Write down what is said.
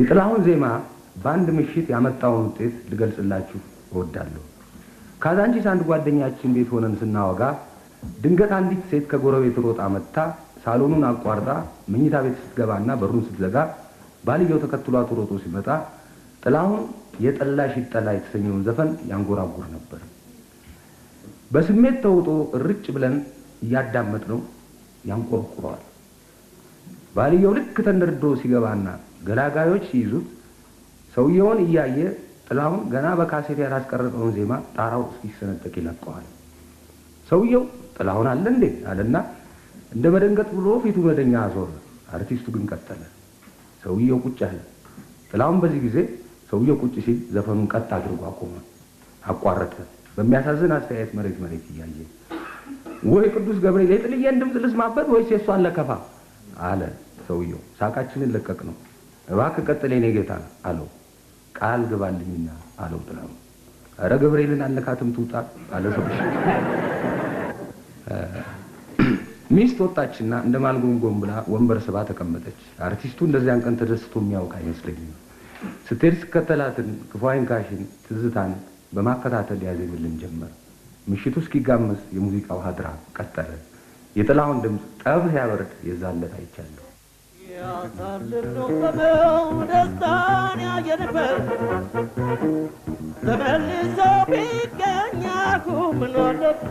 የጥላሁን ዜማ በአንድ ምሽት ያመጣውን ውጤት ልገልጽላችሁ እወዳለሁ። ካዛንቺስ አንድ ጓደኛችን ቤት ሆነን ስናወጋ ድንገት አንዲት ሴት ከጎረቤት ሮጣ መጥታ ሳሎኑን አቋርጣ መኝታ ቤት ስትገባና በሩን ስትዘጋ ባልየው ተከትሏት ሮጦ ሲመጣ ጥላሁን የጠላሽ ይጠላ የተሰኘውን ዘፈን ያንጎራጉር ነበር። በስሜት ተውጦ ርጭ ብለን እያዳመጥ ነው ያንቆርቁረዋል። ባልየው ልክ ተንደርድሮ ሲገባና ገላጋዮች ሲይዙት ሰውየውን እያየ ጥላሁን ገና በካሴት ያላስቀረጠውን ዜማ ጣራው እስኪሰነጠቅ ይለቀዋል። ሰውየው ጥላሁን አለ እንዴ አለና እንደ መደንገጥ ብሎ ፊቱ መደኛ አዞረ። አርቲስቱ ግን ቀጠለ። ሰውየው ቁጭ አለ። ጥላሁን በዚህ ጊዜ ሰውየው ቁጭ ሲል ዘፈኑን ቀጥ አድርጎ አቆመ፣ አቋረጠ። በሚያሳዝን አስተያየት መሬት መሬት እያየ ወይ ቅዱስ ገብርኤል የጥልዬን ድምፅ ልስማበት ወይስ የእሷን ለከፋ አለ ሰውየው። ሳቃችንን ለቀቅ ነው። እባክህ ቀጥል የኔ ጌታ አለው። ቃል ግባልኝና አለው ጥላው። ኧረ ገብርኤልን አልነካትም ትውጣ አለ ሰው። ሚስት ወጣችና እንደ ማልጎምጎም ብላ ወንበር ስባ ተቀመጠች። አርቲስቱ እንደዚያን ቀን ተደስቶ የሚያውቅ አይመስለኝም። ስትሄድ ስከተላትን ክፉ አይንካሽን ትዝታን በማከታተል ያዘኝልን ጀመር። ምሽቱ እስኪጋመስ የሙዚቃው ሀድራ ቀጠለ። የጥላውን ድምፅ ጠብ ያበርድ የዛለት አይቻለሁ ያሳልነው ደስታን ያየንበት ተመልሶ ቢገኛሁ ምናለፉ